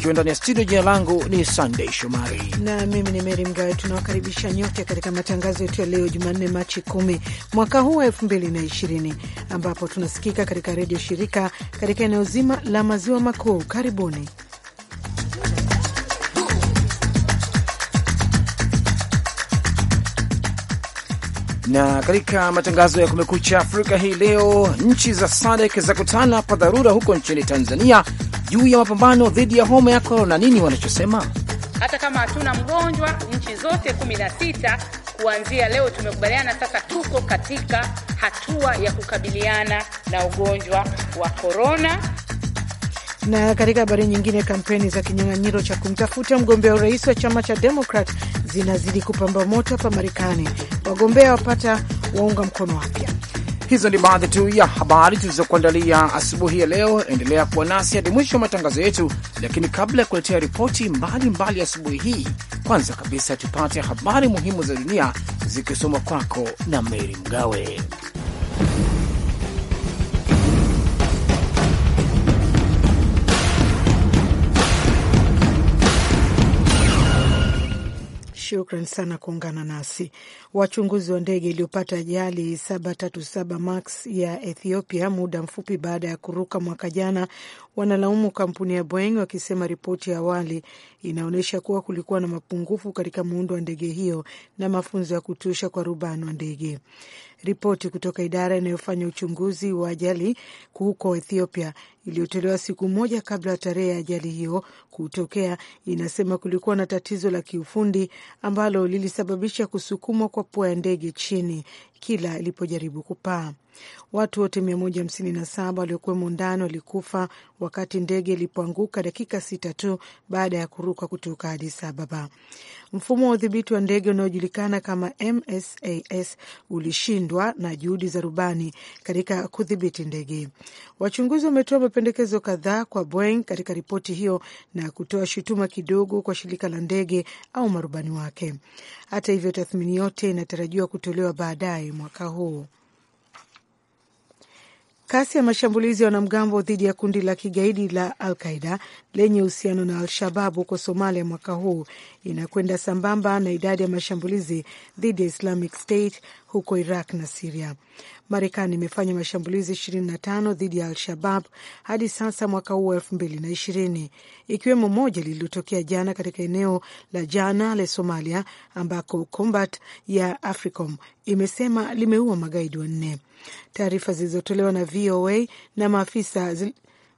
nikiwa ndani ya studio. Jina langu ni Sandey Shomari na mimi ni Meri Mgawe. Tunawakaribisha nyote katika matangazo yetu ya leo Jumanne, Machi kumi mwaka huu wa elfu mbili na ishirini ambapo tunasikika katika redio shirika katika eneo zima la maziwa makuu. Karibuni. na katika matangazo ya Kumekucha Afrika hii leo, nchi za SADC za kutana kwa dharura huko nchini Tanzania juu ya mapambano dhidi ya homa ya korona. Nini wanachosema? Hata kama hatuna mgonjwa, nchi zote 16 kuanzia leo tumekubaliana sasa, tuko katika hatua ya kukabiliana na ugonjwa wa korona na katika habari nyingine, kampeni za kinyang'anyiro cha kumtafuta mgombea urais wa chama cha Demokrat zinazidi kupamba moto hapa Marekani, wagombea wapata waunga mkono wapya. Hizo ni baadhi tu ya habari tulizokuandalia asubuhi ya leo. Endelea kuwa nasi hadi mwisho wa matangazo yetu, lakini kabla ya kuletea ripoti mbalimbali asubuhi hii, kwanza kabisa tupate habari muhimu za dunia zikisomwa kwako na Meri Mgawe. shukran sana kuungana nasi. Wachunguzi wa ndege iliyopata ajali 737 max ya Ethiopia muda mfupi baada ya kuruka mwaka jana wanalaumu kampuni ya Boeing wakisema ripoti ya awali inaonyesha kuwa kulikuwa na mapungufu katika muundo wa ndege hiyo na mafunzo ya kutosha kwa rubani wa ndege. Ripoti kutoka idara inayofanya uchunguzi wa ajali huko Ethiopia iliyotolewa siku moja kabla ya tarehe ya ajali hiyo kutokea inasema kulikuwa na tatizo la kiufundi ambalo lilisababisha kusukumwa kwa pua ya ndege chini kila ilipojaribu kupaa. Watu wote 157 waliokuwemo ndani walikufa wakati ndege ilipoanguka dakika sita tu baada ya kuruka kutoka Addis Ababa. Mfumo wa udhibiti wa ndege unaojulikana kama MSAS ulishindwa na juhudi za rubani katika kudhibiti ndege. Wachunguzi wametoa mapendekezo kadhaa kwa Boeing katika ripoti hiyo na kutoa shutuma kidogo kwa shirika la ndege au marubani wake. Hata hivyo, tathmini yote inatarajiwa kutolewa baadaye mwaka huu. Kasi ya mashambulizi ya wanamgambo dhidi ya kundi la kigaidi la Al Qaida lenye uhusiano na Al-Shabab huko Somalia mwaka huu inakwenda sambamba na idadi ya mashambulizi dhidi ya Islamic State huko Iraq na Siria. Marekani imefanya mashambulizi 25 dhidi ya Al-Shabab hadi sasa mwaka huu wa ishirini ikiwemo moja lililotokea jana katika eneo la jana la Somalia ambako Combat ya AFRICOM imesema limeua magaidi wanne. Taarifa zilizotolewa na VOA na maafisa zil...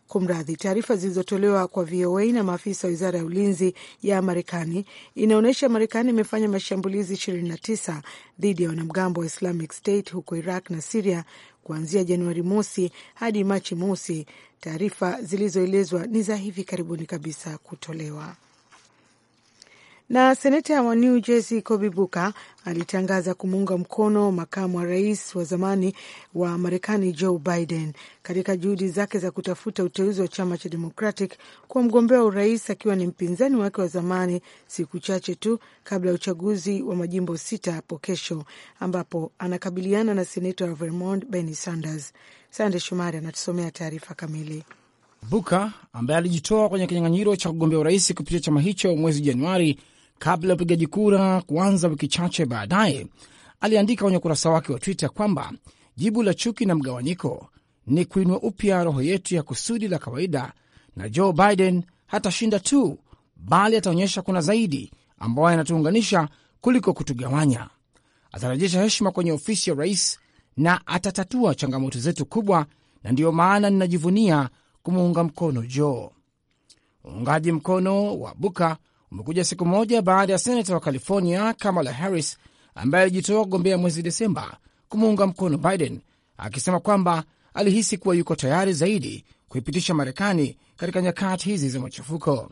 Kumradhi, taarifa zilizotolewa kwa VOA na maafisa wa wizara ya ulinzi ya Marekani inaonyesha Marekani imefanya mashambulizi 29 dhidi ya wanamgambo wa Islamic State huko Iraq na Siria kuanzia Januari mosi hadi Machi mosi, taarifa zilizoelezwa ni za hivi karibuni kabisa kutolewa. Na seneta wa New Jersey Cory Booker alitangaza kumuunga mkono makamu wa rais wa zamani wa Marekani Joe Biden katika juhudi zake za kutafuta uteuzi wa chama cha Democratic kwa mgombea wa urais akiwa ni mpinzani wake wa zamani, siku chache tu kabla ya uchaguzi wa majimbo sita hapo kesho, ambapo anakabiliana na seneta wa Vermont Bernie Sanders. Sande Shumari anatusomea taarifa kamili. Buka ambaye alijitoa kwenye kinyang'anyiro cha kugombea urais kupitia chama hicho mwezi Januari kabla ya upigaji kura kuanza wiki chache baadaye, aliandika kwenye ukurasa wake wa Twitter kwamba jibu la chuki na mgawanyiko ni kuinua upya roho yetu ya kusudi la kawaida, na Joe Biden hatashinda tu, bali ataonyesha kuna zaidi ambayo yanatuunganisha kuliko kutugawanya. Atarejesha heshima kwenye ofisi ya rais na atatatua changamoto zetu kubwa, na ndiyo maana ninajivunia kumuunga mkono Joe. Uungaji mkono wa Buka umekuja siku moja baada ya senata wa California Kamala Harris ambaye alijitoa kugombea mwezi Desemba kumuunga mkono Biden akisema kwamba alihisi kuwa yuko tayari zaidi kuipitisha Marekani katika nyakati hizi za machafuko.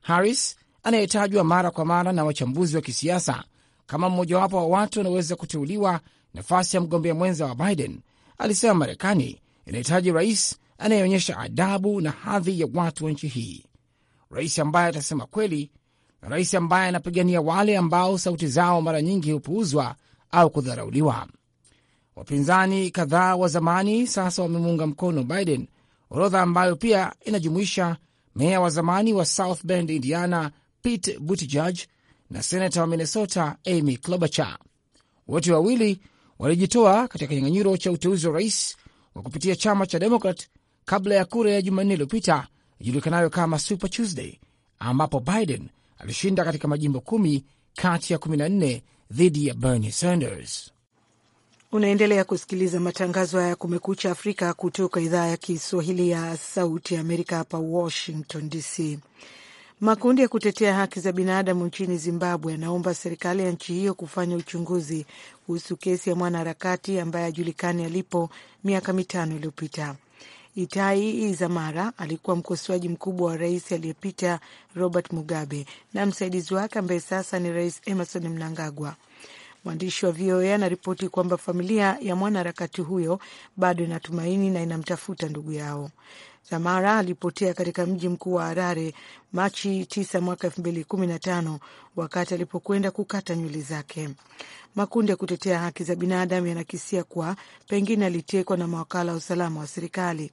Harris anayetajwa mara kwa mara na wachambuzi wa kisiasa kama mmojawapo wa watu wanaoweza kuteuliwa nafasi ya mgombea mwenza wa Biden, alisema Marekani inahitaji rais anayeonyesha adabu na hadhi ya watu wa nchi hii rais ambaye atasema kweli na rais ambaye anapigania wale ambao sauti zao mara nyingi hupuuzwa au kudharauliwa. Wapinzani kadhaa wa zamani sasa wamemuunga mkono Biden, orodha ambayo pia inajumuisha meya wa zamani wa South Bend, Indiana, Pete Buttigieg na senata wa Minnesota Amy Klobuchar. Wote wawili walijitoa katika kinyang'anyiro cha uteuzi wa rais wa kupitia chama cha Demokrat kabla ya kura ya Jumanne iliyopita ijulikanayo kama Super Tuesday, ambapo Biden alishinda katika majimbo kumi kati ya 14 dhidi ya Bernie Sanders. Unaendelea kusikiliza matangazo haya ya Kumekucha Afrika kutoka idhaa ya Kiswahili ya Sauti ya Amerika, hapa Washington DC. Makundi ya kutetea haki za binadamu nchini Zimbabwe yanaomba serikali ya nchi hiyo kufanya uchunguzi kuhusu kesi ya mwanaharakati ambaye hajulikani alipo miaka mitano iliyopita. Itai Izamara alikuwa mkosoaji mkubwa wa rais aliyepita Robert Mugabe na msaidizi wake ambaye sasa ni Rais Emerson Mnangagwa. Mwandishi wa VOA anaripoti kwamba familia ya mwanaharakati huyo bado inatumaini na inamtafuta ndugu yao. Samara alipotea katika mji mkuu wa Harare Machi 9 mwaka 2015 wakati alipokwenda kukata nywele zake. Makundi ya kutetea haki za binadamu yanakisia kuwa pengine alitekwa na mawakala wa usalama wa serikali.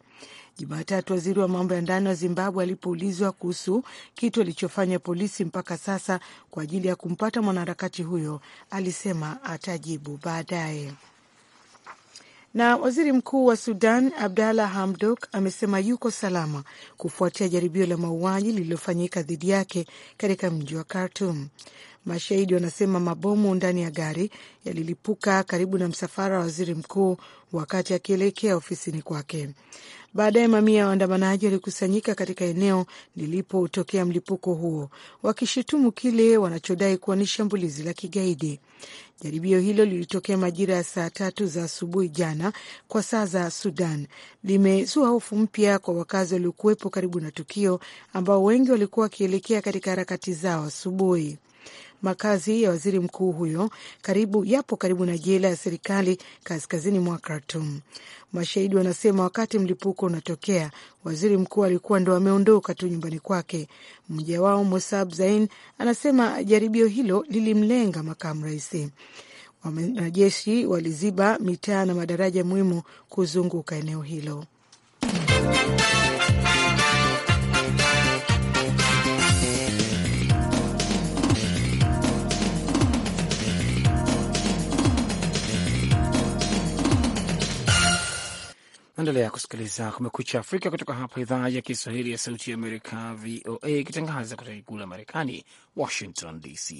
Jumatatu, waziri wa mambo ya ndani wa Zimbabwe alipoulizwa kuhusu kitu alichofanya polisi mpaka sasa kwa ajili ya kumpata mwanaharakati huyo, alisema atajibu baadaye. Na waziri mkuu wa Sudan Abdalla Hamdok amesema yuko salama kufuatia jaribio la mauaji lililofanyika dhidi yake katika mji wa Khartum. Mashahidi wanasema mabomu ndani ya gari yalilipuka karibu na msafara wa waziri mkuu wakati akielekea ofisini kwake. Baadaye mamia ya waandamanaji walikusanyika katika eneo lilipotokea mlipuko huo, wakishutumu kile wanachodai kuwa ni shambulizi la kigaidi. Jaribio hilo lilitokea majira ya saa tatu za asubuhi jana kwa saa za Sudan, limezua hofu mpya kwa wakazi waliokuwepo karibu na tukio, ambao wengi walikuwa wakielekea katika harakati zao asubuhi. Makazi ya waziri mkuu huyo karibu yapo karibu na jela ya serikali kaskazini mwa Khartum. Mashahidi wanasema wakati mlipuko unatokea, waziri mkuu alikuwa ndo ameondoka tu nyumbani kwake. Mmoja wao Musab Zain anasema jaribio hilo lilimlenga makamu raisi. Wanajeshi waliziba mitaa na madaraja muhimu kuzunguka eneo hilo. Naendelea kusikiliza Kumekucha Afrika kutoka hapa idhaa ya Kiswahili ya Sauti ya Amerika, VOA, ikitangaza kutoka jikuu la Marekani, Washington DC.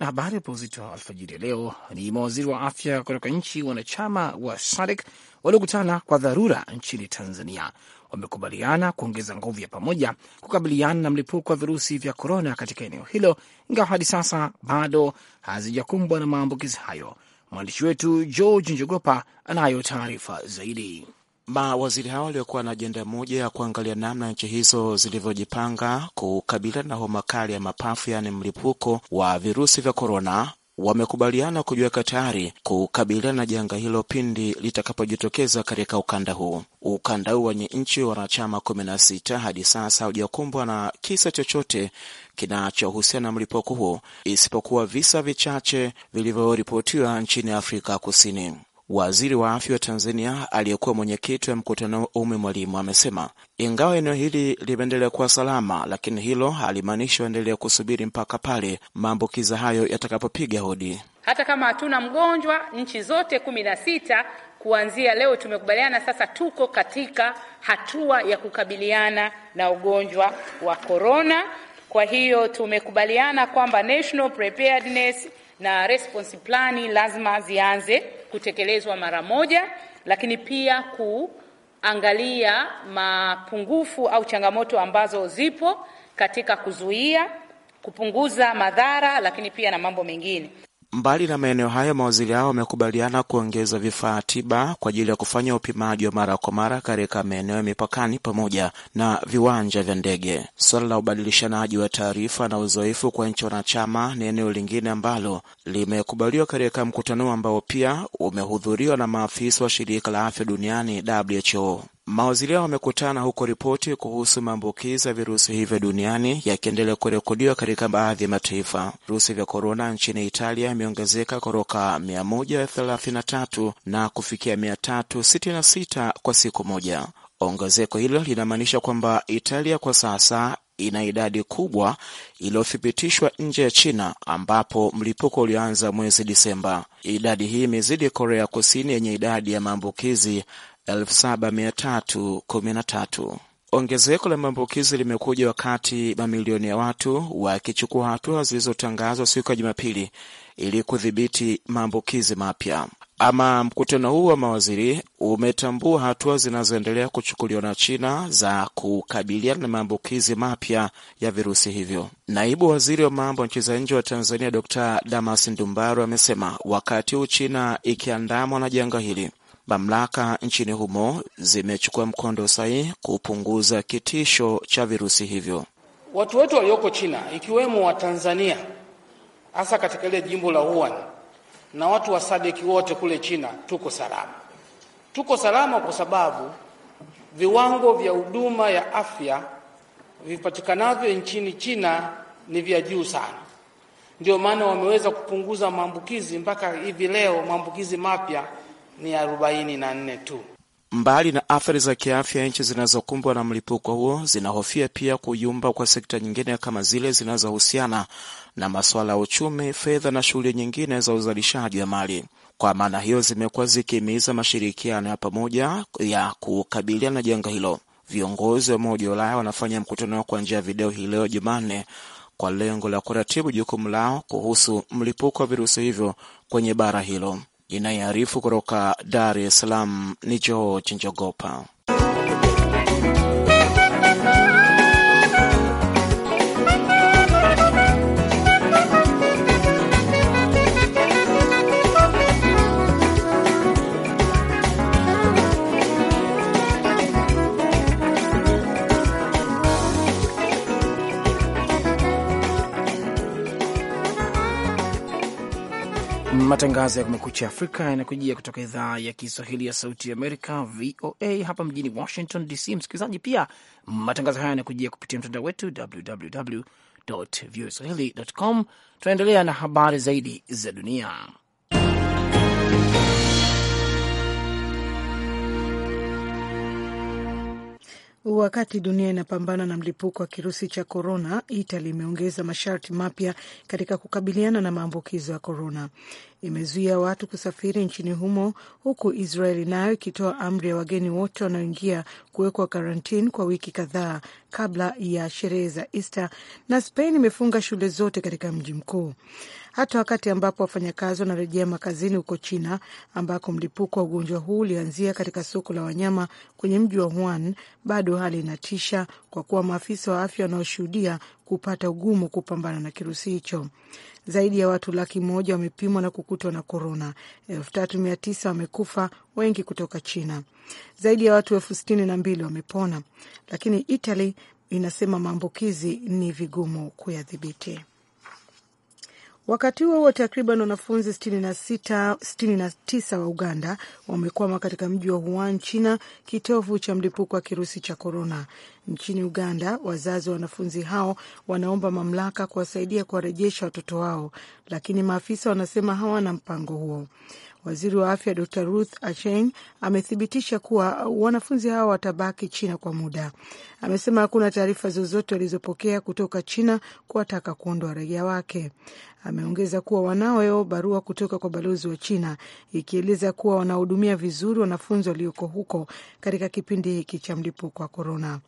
Na habari pa uzito wa alfajiri ya leo ni mawaziri wa afya kutoka nchi wanachama wa SADC waliokutana kwa dharura nchini Tanzania wamekubaliana kuongeza nguvu ya pamoja kukabiliana na mlipuko wa virusi vya korona katika eneo hilo, ingawa hadi sasa bado hazijakumbwa na maambukizi hayo. Mwandishi wetu George Njogopa anayo taarifa zaidi. Mawaziri hao waliokuwa na ajenda moja ya kuangalia namna nchi hizo zilivyojipanga kukabiliana na homa kali ya mapafu, yaani mlipuko wa virusi vya korona, wamekubaliana kujiweka tayari kukabiliana na janga hilo pindi litakapojitokeza katika ukanda huu. Ukanda huu wenye nchi wanachama kumi na sita hadi sasa haujakumbwa na kisa chochote kinachohusiana na mlipuko huo isipokuwa visa vichache vilivyoripotiwa nchini Afrika Kusini. Waziri wa afya wa Tanzania aliyekuwa mwenyekiti wa mkutano Ummy Mwalimu amesema ingawa eneo hili limeendelea kuwa salama, lakini hilo halimaanishi waendelea kusubiri mpaka pale maambukizi hayo yatakapopiga hodi. Hata kama hatuna mgonjwa, nchi zote kumi na sita kuanzia leo tumekubaliana sasa, tuko katika hatua ya kukabiliana na ugonjwa wa korona. Kwa hiyo tumekubaliana kwamba national preparedness na response lazima zianze kutekelezwa mara moja, lakini pia kuangalia mapungufu au changamoto ambazo zipo katika kuzuia, kupunguza madhara, lakini pia na mambo mengine. Mbali na maeneo hayo, mawaziri hao wamekubaliana kuongeza vifaa tiba kwa ajili ya kufanya upimaji wa mara kwa mara katika maeneo ya mipakani pamoja na viwanja vya ndege. Suala la ubadilishanaji wa taarifa na uzoefu kwa nchi wanachama ni eneo lingine ambalo limekubaliwa katika mkutano ambao pia umehudhuriwa na maafisa wa shirika la afya duniani WHO. Mawaziri hao wamekutana huko, ripoti kuhusu maambukizi ya virusi hivyo duniani yakiendelea kurekodiwa katika baadhi ya mataifa. Virusi vya korona nchini Italia imeongezeka kutoka 133 na kufikia 366 kwa siku moja. Ongezeko hilo linamaanisha kwamba Italia kwa sasa ina idadi kubwa iliyothibitishwa nje ya China ambapo mlipuko ulioanza mwezi Disemba. Idadi hii imezidi Korea Kusini yenye idadi ya maambukizi 7313. Ongezeko la maambukizi limekuja wakati mamilioni ya watu wakichukua hatua zilizotangazwa siku ya Jumapili ili kudhibiti maambukizi mapya. Ama mkutano huu wa mawaziri umetambua hatua zinazoendelea kuchukuliwa na China za kukabiliana na maambukizi mapya ya virusi hivyo. Naibu waziri wa mambo ya nchi za nje wa Tanzania Dr Damas Ndumbaro amesema wakati huu China ikiandamwa na janga hili Mamlaka nchini humo zimechukua mkondo sahihi kupunguza kitisho cha virusi hivyo. Watu wetu walioko China ikiwemo Watanzania hasa katika ile jimbo la Wuhan na watu wa sadiki wote kule China tuko salama. Tuko salama kwa sababu viwango vya huduma ya afya vipatikanavyo nchini China ni vya juu sana, ndio maana wameweza kupunguza maambukizi mpaka hivi leo maambukizi mapya ni arobaini na nne tu. Mbali na athari za kiafya, nchi zinazokumbwa na mlipuko huo zinahofia pia kuyumba kwa sekta nyingine kama zile zinazohusiana na masuala ya uchumi, fedha na shughuli nyingine za uzalishaji wa mali. Kwa maana hiyo, zimekuwa zikihimiza mashirikiano ya pamoja ya kukabiliana na janga hilo. Viongozi wa Umoja wa Ulaya wanafanya mkutano kwa njia ya video hii leo Jumanne kwa lengo la kuratibu jukumu lao kuhusu mlipuko wa virusi hivyo kwenye bara hilo. Inayoarifu kutoka Dar es Salaam ni George Njogopa Matangazo ya Kumekucha Afrika yanakujia kutoka idhaa ya Kiswahili ya Sauti ya Amerika, VOA, hapa mjini Washington DC. Msikilizaji, pia matangazo haya yanakujia kupitia mtandao wetu www voaswahili com. Tunaendelea na habari zaidi za dunia. Wakati dunia inapambana na mlipuko wa kirusi cha korona, Itali imeongeza masharti mapya katika kukabiliana na maambukizo ya korona. Imezuia watu kusafiri nchini humo, huku Israeli nayo ikitoa amri ya wageni wote wanaoingia kuwekwa karantini kwa wiki kadhaa kabla ya sherehe za Easter, na Spain imefunga shule zote katika mji mkuu hata wakati ambapo wafanyakazi wanarejea makazini huko China ambako mlipuko wa ugonjwa huu ulianzia katika soko la wanyama kwenye mji wa Wuhan. Bado hali inatisha kwa kuwa maafisa wa afya wanaoshuhudia kupata ugumu kupambana na kirusi hicho. Zaidi ya watu laki moja wamepimwa na kukutwa na korona, elfu tatu mia tisa wamekufa, wengi kutoka China. Zaidi ya watu elfu sitini na mbili wamepona, lakini Italy inasema maambukizi ni vigumu kuyadhibiti. Wakati huo huo, takriban wanafunzi 69 wa Uganda wamekwama katika mji wa Wuhan, China, kitovu cha mlipuko wa kirusi cha korona. Nchini Uganda, wazazi wa wanafunzi hao wanaomba mamlaka kuwasaidia kuwarejesha watoto wao, lakini maafisa wanasema hawana mpango huo. Waziri wa afya Dr Ruth Acheng amethibitisha kuwa wanafunzi hao watabaki China kwa muda. Amesema hakuna taarifa zozote walizopokea kutoka China kuwataka kuondoa raia wake. Ameongeza kuwa wanayo barua kutoka kwa balozi wa China ikieleza kuwa wanahudumia vizuri wanafunzi walioko huko katika kipindi hiki cha mlipuko wa korona.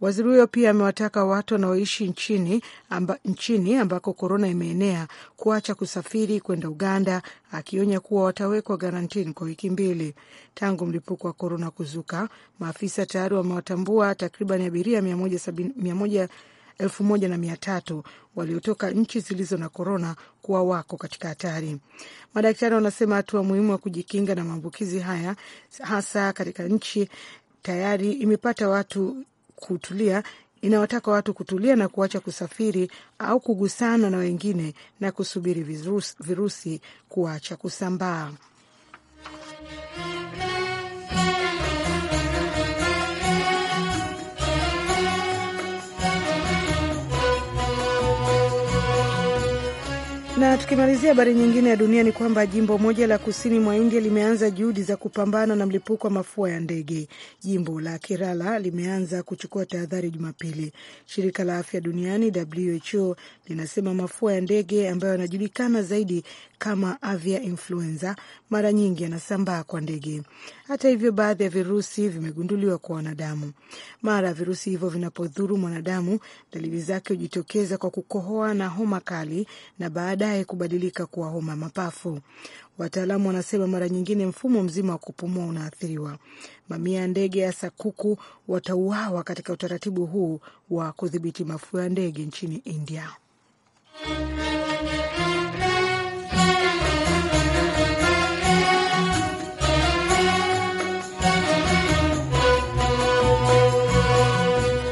Waziri huyo pia amewataka watu wanaoishi nchini, amba, nchini ambako korona imeenea kuacha kusafiri kwenda Uganda, akionya kuwa watawekwa garantini kwa wiki mbili. Tangu mlipuko wa korona kuzuka, maafisa tayari wamewatambua takriban abiria mia moja elfu moja na mia tatu waliotoka nchi zilizo na korona kuwa wako katika hatari. Madaktari wanasema hatua muhimu wa kujikinga na maambukizi haya hasa katika nchi tayari imepata watu kutulia inawataka watu kutulia na kuacha kusafiri au kugusana na wengine na kusubiri virusi, virusi kuacha kusambaa. Na tukimalizia habari nyingine ya dunia ni kwamba jimbo moja la kusini mwa India limeanza juhudi za kupambana na mlipuko wa mafua ya ndege. Jimbo la Kerala limeanza kuchukua tahadhari Jumapili. Shirika la afya duniani WHO linasema mafua ya ndege ambayo yanajulikana zaidi kama avia influenza mara nyingi yanasambaa kwa ndege. Hata hivyo, baadhi ya virusi vimegunduliwa kwa wanadamu. Mara ya virusi hivyo vinapodhuru mwanadamu, dalili zake hujitokeza kwa kukohoa na homa kali na baadaye kubadilika kuwa homa mapafu. Wataalamu wanasema mara nyingine mfumo mzima wa kupumua unaathiriwa. Mamia ya ndege hasa kuku watauawa katika utaratibu huu wa kudhibiti mafua ya ndege nchini India.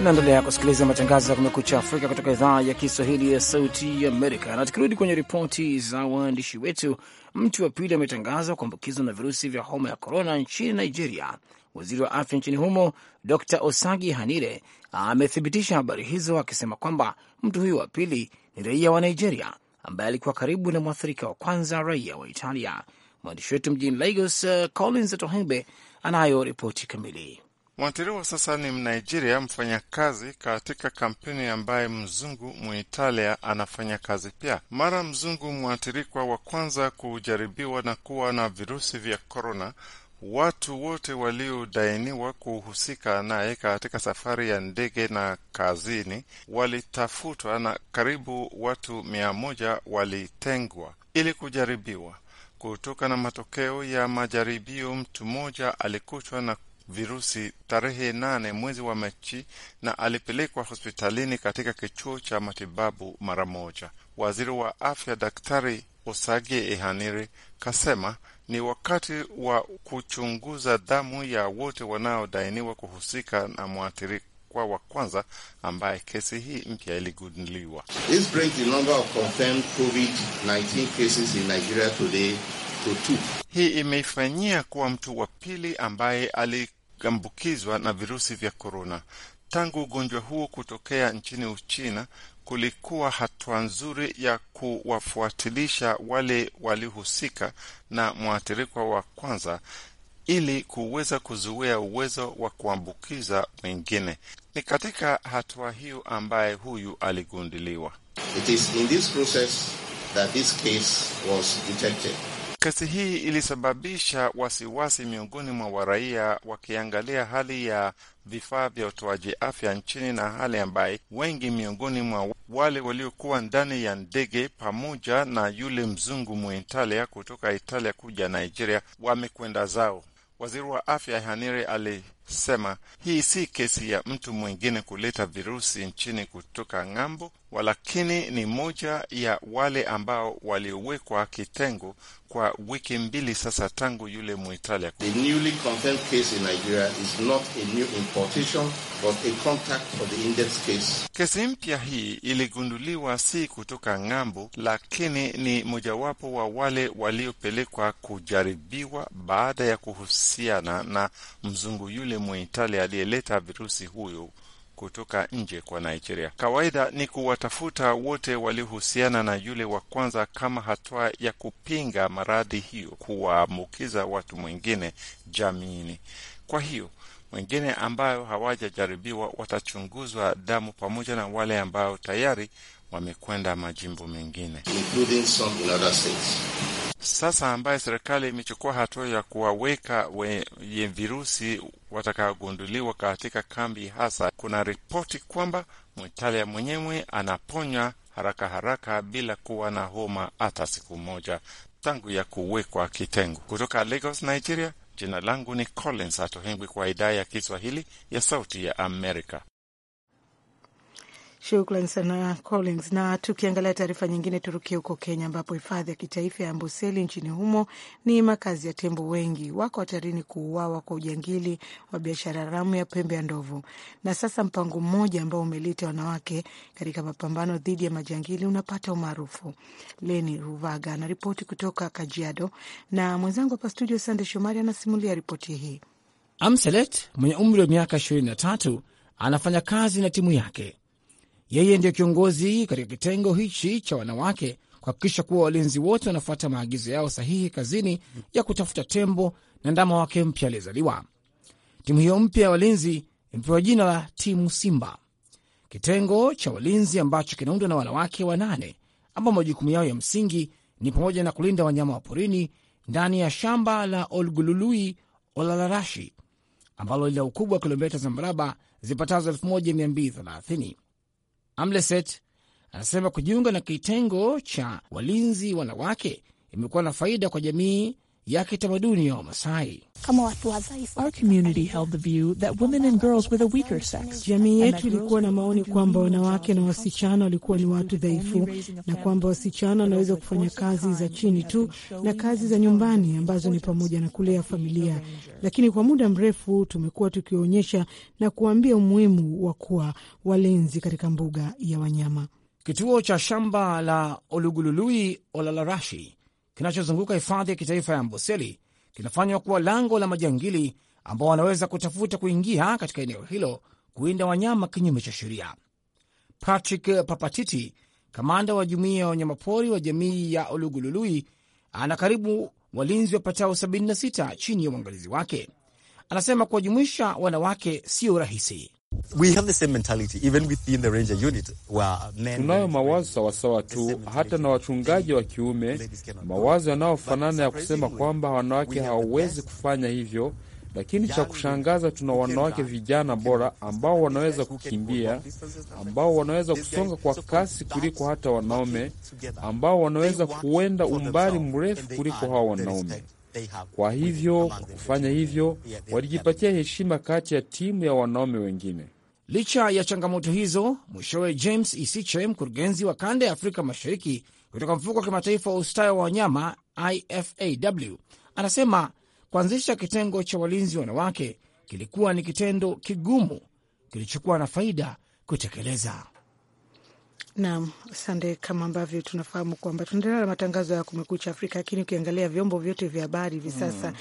Naendelea kusikiliza matangazo ya Kumekucha Afrika kutoka idhaa ya Kiswahili ya Sauti Amerika. Na tukirudi kwenye ripoti za waandishi wetu, mtu wa pili ametangazwa kuambukizwa na virusi vya homa ya korona nchini Nigeria. Waziri wa afya nchini humo Dr Osagi Hanire amethibitisha habari hizo akisema kwamba mtu huyo wa pili ni raia wa Nigeria ambaye alikuwa karibu na mwathirika wa kwanza, raia wa Italia. Mwandishi wetu mjini Lagos, uh, Collins Atohembe, anayo ripoti kamili. Mwathiriwa sasa ni Mnigeria, mfanyakazi katika kampeni ambaye mzungu Muitalia anafanya kazi pia. Mara mzungu mwathirikwa wa kwanza kujaribiwa na kuwa na virusi vya korona, watu wote waliodainiwa kuhusika naye katika safari ya ndege na kazini walitafutwa na karibu watu mia moja walitengwa ili kujaribiwa. kutoka na matokeo ya majaribio, mtu mmoja alikutwa na virusi tarehe nane mwezi wa Machi na alipelekwa hospitalini katika kituo cha matibabu mara moja. Waziri wa afya Daktari Osage Ehanire kasema ni wakati wa kuchunguza damu ya wote wanaodainiwa kuhusika na mwathirika wa kwanza ambaye kesi hii mpya iligunduliwa. Hii imeifanyia kuwa mtu wa pili ambaye aliambukizwa na virusi vya korona. Tangu ugonjwa huo kutokea nchini Uchina, kulikuwa hatua nzuri ya kuwafuatilisha wale walihusika na mwathirikwa wa kwanza ili kuweza kuzuia uwezo wa kuambukiza wengine. Ni katika hatua hiyo ambaye huyu aligunduliwa. It is in this process that this case was detected. Kesi hii ilisababisha wasiwasi miongoni mwa waraia, wakiangalia hali ya vifaa vya utoaji afya nchini na hali ambaye wengi miongoni mwa wale waliokuwa ndani ya ndege pamoja na yule mzungu Muitalia kutoka Italia kuja Nigeria wamekwenda zao. Waziri wa afya Hanire Ali sema hii si kesi ya mtu mwingine kuleta virusi nchini kutoka ng'ambo, walakini ni moja ya wale ambao waliowekwa kitengo kwa wiki mbili sasa tangu yule Mwitalia. The newly confirmed case in Nigeria is not a new importation but a contact for the index case. Kesi mpya hii iligunduliwa si kutoka ng'ambo, lakini ni mojawapo wa wale waliopelekwa kujaribiwa baada ya kuhusiana na mzungu yule yule Muitalia aliyeleta virusi huyu kutoka nje kwa Nigeria. Kawaida ni kuwatafuta wote waliohusiana na yule wa kwanza kama hatua ya kupinga maradhi hiyo kuwaambukiza watu mwingine jamiini. Kwa hiyo wengine ambayo hawajajaribiwa watachunguzwa damu pamoja na wale ambao tayari wamekwenda majimbo mengine, including some in other states sasa ambaye serikali imechukua hatua ya kuwaweka wenye virusi watakaogunduliwa katika kambi hasa. Kuna ripoti kwamba mwitalia mwenyewe anaponywa haraka haraka bila kuwa na homa hata siku moja tangu ya kuwekwa kitengo. Kutoka Lagos, Nigeria, jina langu ni Collins Atohengwi kwa idhaa ya Kiswahili ya Sauti ya Amerika. Shukran sana Collins. Na tukiangalia taarifa nyingine, turukie huko Kenya, ambapo hifadhi ya kitaifa ya Amboseli nchini humo ni makazi ya tembo wengi, wako hatarini kuuawa kwa ujangili wa biashara haramu ya pembe ya ndovu. Na sasa mpango mmoja ambao umelita wanawake katika mapambano dhidi ya majangili unapata umaarufu. Leni Ruvaga anaripoti kutoka Kajiado na mwenzangu hapa studio Sande Shomari anasimulia ripoti hii. Amselet mwenye umri wa miaka 23 anafanya kazi na timu yake yeye ndiyo kiongozi katika kitengo hichi cha wanawake kuhakikisha kuwa walinzi wote wanafuata maagizo yao sahihi kazini ya kutafuta tembo na ndama wake mpya aliyezaliwa. Timu hiyo mpya ya walinzi imepewa jina la Timu Simba. Kitengo cha walinzi ambacho kinaundwa na wanawake wanane ambao majukumu yao ya msingi ni pamoja na kulinda wanyama wa porini ndani ya shamba la Olgulului Olalarashi ambalo lina ukubwa wa kilomita za mraba zipatazo 1230 Amleset anasema kujiunga na kitengo cha walinzi wanawake imekuwa na faida kwa jamii ya kitamaduni ya Wamasai. Jamii yetu ilikuwa na maoni kwamba wanawake na wasichana walikuwa ni watu dhaifu na kwamba wasichana wanaweza kufanya kazi za chini tu na kazi za nyumbani ambazo ni pamoja na kulea familia, lakini kwa muda mrefu tumekuwa tukionyesha na kuwaambia umuhimu wa kuwa walinzi katika mbuga ya wanyama. Kituo cha shamba la Olugulului Olalarashi kinachozunguka hifadhi ya kitaifa ya Amboseli kinafanywa kuwa lango la majangili ambao wanaweza kutafuta kuingia katika eneo hilo kuinda wanyama kinyume cha sheria. Patrick Papatiti, kamanda wa jumuiya ya wanyamapori wa jamii ya Olugulului, ana karibu walinzi wapatao 76 chini ya uangalizi wake. Anasema kuwajumuisha wanawake sio rahisi. Tunayo mawazo sawasawa tu, hata na wachungaji wa kiume, mawazo yanayofanana ya kusema kwamba wanawake hawawezi kufanya hivyo. Lakini cha kushangaza, tuna wanawake vijana bora ambao wanaweza kukimbia, ambao wanaweza kusonga kwa kasi kuliko hata wanaume, ambao wanaweza kuenda umbali mrefu kuliko hawa wanaume. Kwa hivyo kwa kufanya hivyo, walijipatia heshima kati ya timu ya wanaume wengine. Licha ya changamoto hizo, mwishowe James Isiche, mkurugenzi wa kanda ya Afrika Mashariki kutoka mfuko wa kimataifa wa ustawi wa wanyama IFAW, anasema kuanzisha kitengo cha walinzi wanawake kilikuwa ni kitendo kigumu kilichokuwa na faida kutekeleza. Naam, asante. Kama ambavyo tunafahamu kwamba tunaendelea na matangazo ya Kumekucha Afrika, lakini ukiangalia vyombo vyote vya habari hivi sasa mm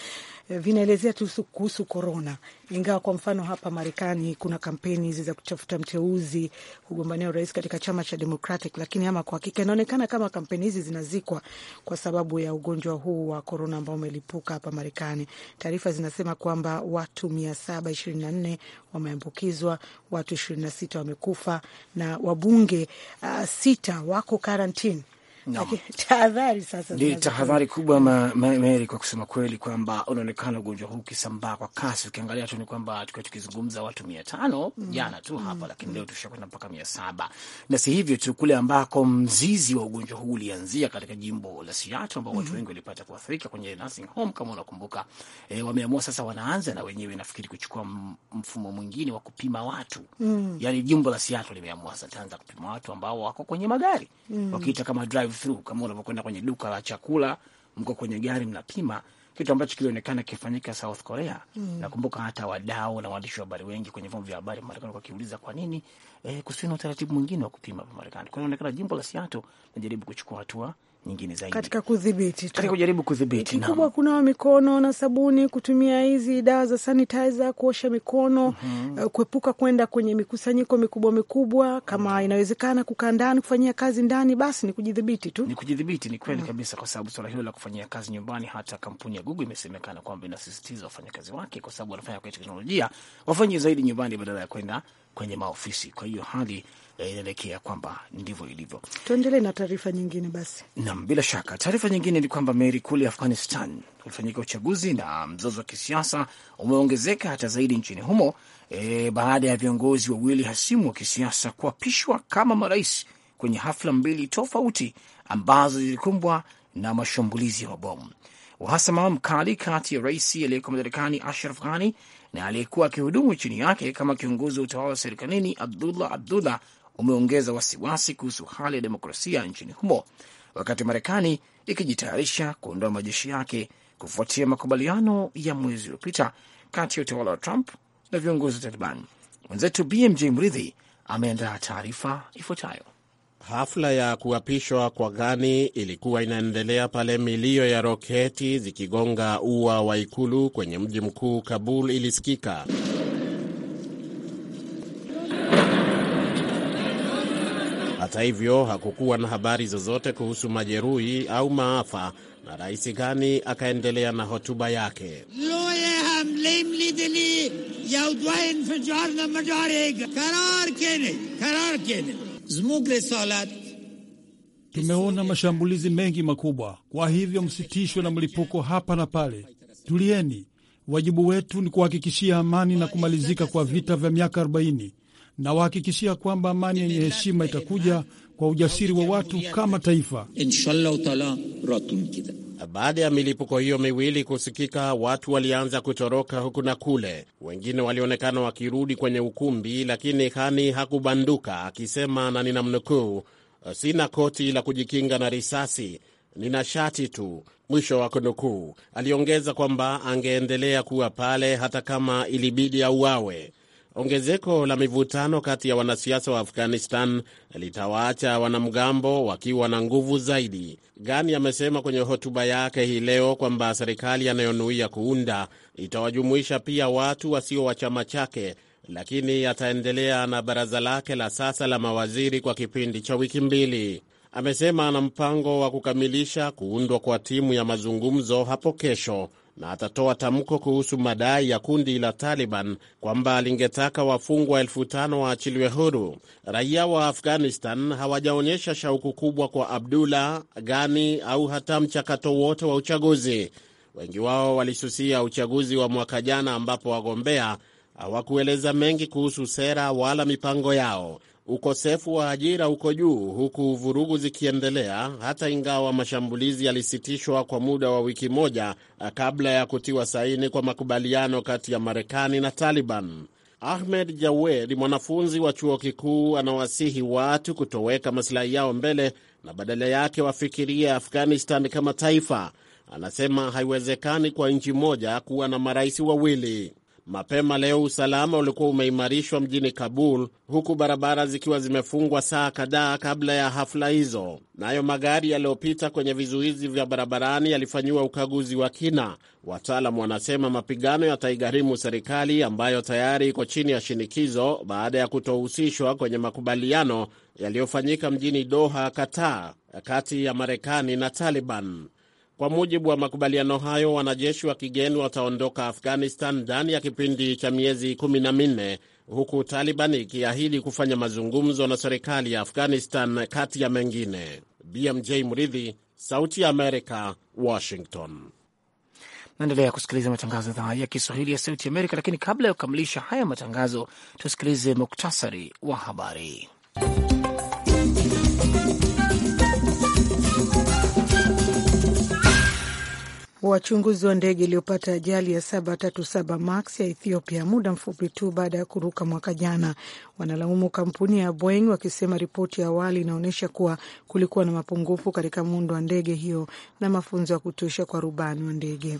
eh, vinaelezea tu kuhusu korona, ingawa kwa mfano hapa Marekani kuna kampeni hizi za kutafuta mteuzi kugombania urais katika chama cha Democratic, lakini ama kwa hakika inaonekana kama kampeni hizi zinazikwa kwa sababu ya ugonjwa huu wa korona ambao umelipuka hapa Marekani. Taarifa zinasema kwamba watu mia saba ishirini na nne wameambukizwa, watu ishirini na sita wamekufa, na wabunge uh, sita wako karantini tahadhari sasa ni tahadhari kubwa ma, Meri, kwa kusema kweli kwamba unaonekana ugonjwa huu ukisambaa kwa kasi. Ukiangalia tu ni kwamba tukiwa tukizungumza watu mia tano mm. jana tu hapa mm. lakini mm. leo tushakwenda mpaka mia saba na si hivyo tu, kule ambako mzizi wa ugonjwa huu ulianzia katika jimbo la Seattle ambao watu mm. wengi walipata kuathirika kwenye nursing home kama unakumbuka. E, wameamua sasa wanaanza na wenyewe nafikiri kuchukua mfumo mwingine wa kupima watu mm. yani jimbo la Seattle limeamua sasa taanza kupima watu ambao wako kwenye magari mm. wakiita kama drive through, kama unavyokwenda kwenye duka la chakula, mko kwenye gari mnapima kitu ambacho kilionekana kifanyika South Korea. Mm. Nakumbuka hata wadau na waandishi wa habari wengi kwenye vyombo vya habari Marekani wakiuliza kwa nini eh, kusiwe na utaratibu mwingine wa kupima hapa Marekani. Kwa hiyo inaonekana jimbo la Seattle najaribu kuchukua hatua nyingine zaidi katika kudhibiti, katika kujaribu kudhibiti. kubwa, kunawa mikono na sabuni, kutumia hizi dawa za sanitizer kuosha mikono mm -hmm. Kuepuka kwenda kwenye mikusanyiko mikubwa mikubwa, kama mm -hmm. inawezekana kukaa ndani, kufanyia kazi ndani, basi ni kujidhibiti tu, ni kujidhibiti. Ni kweli mm -hmm. kabisa, kwa sababu swala hilo la kufanyia kazi nyumbani, hata kampuni ya Google imesemekana kwamba inasisitiza wafanyakazi wake, kwa sababu wanafanya kwa teknolojia, wafanye zaidi nyumbani badala ya kwenda kwenye maofisi. Kwa hiyo hali inaelekea kwamba ndivyo ilivyo. Tuendelee na taarifa nyingine basi. Naam, bila shaka taarifa nyingine ni kwamba Meri, kule Afghanistan ulifanyika uchaguzi na mzozo wa kisiasa umeongezeka hata zaidi nchini humo e, baada ya viongozi wawili hasimu wa kisiasa kuapishwa kama marais kwenye hafla mbili tofauti ambazo zilikumbwa na mashambulizi ya mabomu. Uhasama mkali kati ya rais aliyeko madarakani Ashraf Ghani na aliyekuwa akihudumu chini yake kama kiongozi wa utawala wa serikalini Abdullah Abdullah umeongeza wasiwasi kuhusu hali ya demokrasia nchini humo, wakati Marekani ikijitayarisha kuondoa majeshi yake kufuatia makubaliano ya mwezi uliopita kati ya utawala wa Trump na viongozi wa Taliban. Mwenzetu BMJ Mridhi ameandaa taarifa ifuatayo. Hafla ya kuapishwa kwa Ghani ilikuwa inaendelea pale milio ya roketi zikigonga ua wa ikulu kwenye mji mkuu Kabul ilisikika. Hata hivyo, hakukuwa na habari zozote kuhusu majeruhi au maafa, na Rais Ghani akaendelea na hotuba yake. Tumeona mashambulizi mengi makubwa, kwa hivyo msitishwe na mlipuko hapa na pale. Tulieni. Wajibu wetu ni kuhakikishia amani na kumalizika kwa vita vya miaka 40 na wahakikishia kwamba amani yenye heshima itakuja kwa ujasiri wa watu kama taifa. Baada ya milipuko hiyo miwili kusikika, watu walianza kutoroka huku na kule. Wengine walionekana wakirudi kwenye ukumbi, lakini hani hakubanduka akisema, na ninamnukuu, sina koti la kujikinga na risasi, nina shati tu, mwisho wa kunukuu. Aliongeza kwamba angeendelea kuwa pale hata kama ilibidi auawe. Ongezeko la mivutano kati ya wanasiasa wa Afghanistan litawaacha wanamgambo wakiwa na nguvu zaidi. Gani amesema kwenye hotuba yake hii leo kwamba serikali anayonuia kuunda itawajumuisha pia watu wasio wa chama chake, lakini ataendelea na baraza lake la sasa la mawaziri kwa kipindi cha wiki mbili. Amesema ana mpango wa kukamilisha kuundwa kwa timu ya mazungumzo hapo kesho na atatoa tamko kuhusu madai ya kundi la Taliban kwamba lingetaka wafungwa elfu tano waachiliwe huru. Raia wa Afghanistan hawajaonyesha shauku kubwa kwa Abdullah Gani au hata mchakato wote wa uchaguzi. Wengi wao walisusia uchaguzi wa mwaka jana ambapo wagombea hawakueleza mengi kuhusu sera wala mipango yao ukosefu wa ajira uko juu, huku vurugu zikiendelea hata ingawa mashambulizi yalisitishwa kwa muda wa wiki moja eh, kabla ya kutiwa saini kwa makubaliano kati ya Marekani na Taliban. Ahmed Jawed, mwanafunzi wa chuo kikuu, anawasihi watu kutoweka masilahi yao mbele na badala yake wafikiria Afghanistan kama taifa. Anasema haiwezekani kwa nchi moja kuwa na marais wawili. Mapema leo usalama ulikuwa umeimarishwa mjini Kabul, huku barabara zikiwa zimefungwa saa kadhaa kabla ya hafla hizo. Nayo magari yaliyopita kwenye vizuizi vya barabarani yalifanyiwa ukaguzi wa kina. Wataalamu wanasema mapigano yataigharimu serikali ambayo tayari iko chini ya shinikizo baada ya kutohusishwa kwenye makubaliano yaliyofanyika mjini Doha, Qatar, kati ya Marekani na Taliban. Kwa mujibu wa makubaliano hayo, wanajeshi wa kigeni wataondoka Afghanistan ndani ya kipindi cha miezi kumi na minne huku Taliban ikiahidi kufanya mazungumzo na serikali ya Afghanistan kati ya mengine. BMJ Mridhi, Sauti ya Amerika, Washington. Naendelea kusikiliza matangazo ya idhaa ya Kiswahili ya Sauti Amerika, lakini kabla ya kukamilisha haya matangazo, tusikilize muktasari wa habari. Wachunguzi wa ndege iliyopata ajali ya 737 max ya Ethiopia muda mfupi tu baada ya kuruka mwaka jana wanalaumu kampuni ya Boeing wakisema ripoti ya awali inaonyesha kuwa kulikuwa na mapungufu katika muundo wa ndege hiyo na mafunzo ya kutosha kwa rubani wa ndege.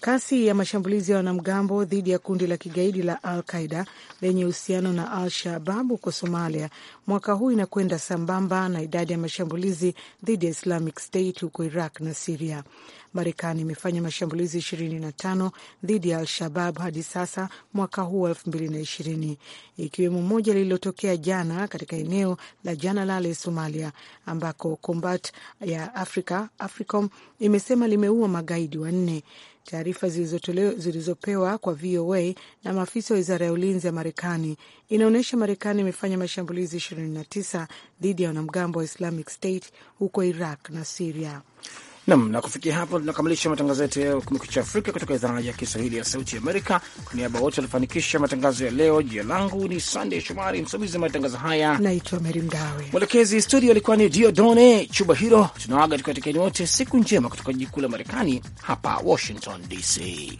Kasi ya mashambulizi ya wanamgambo dhidi ya kundi la kigaidi la Al Qaida lenye uhusiano na Al Shabab huko Somalia mwaka huu inakwenda sambamba na idadi ya mashambulizi dhidi ya Islamic State huko Iraq na Siria. Marekani imefanya mashambulizi 25 dhidi ya Al-Shabab hadi sasa mwaka huu 2020, ikiwemo moja lililotokea jana katika eneo la Janalale, Somalia, ambako Combat ya Africa AFRICOM imesema limeua magaidi wanne. Taarifa zilizopewa kwa VOA na maafisa wa wizara ya ulinzi ya Marekani inaonyesha Marekani imefanya mashambulizi 29 dhidi ya wanamgambo wa Islamic State huko Iraq na Siria. Nam na kufikia hapo tunakamilisha matangazo yetu ya Kumekucha Afrika kutoka idhaa ya Kiswahili ya Sauti Amerika. Kwa niaba wote walifanikisha matangazo ya leo, jina langu ni Sandey Shomari, msimamizi wa matangazo haya naitwa Meri Mgawe, mwelekezi studio alikuwa ni Diodone Chuba Hiro. Tunawaaga tukatikani wote siku njema kutoka jiji kuu la Marekani hapa Washington DC.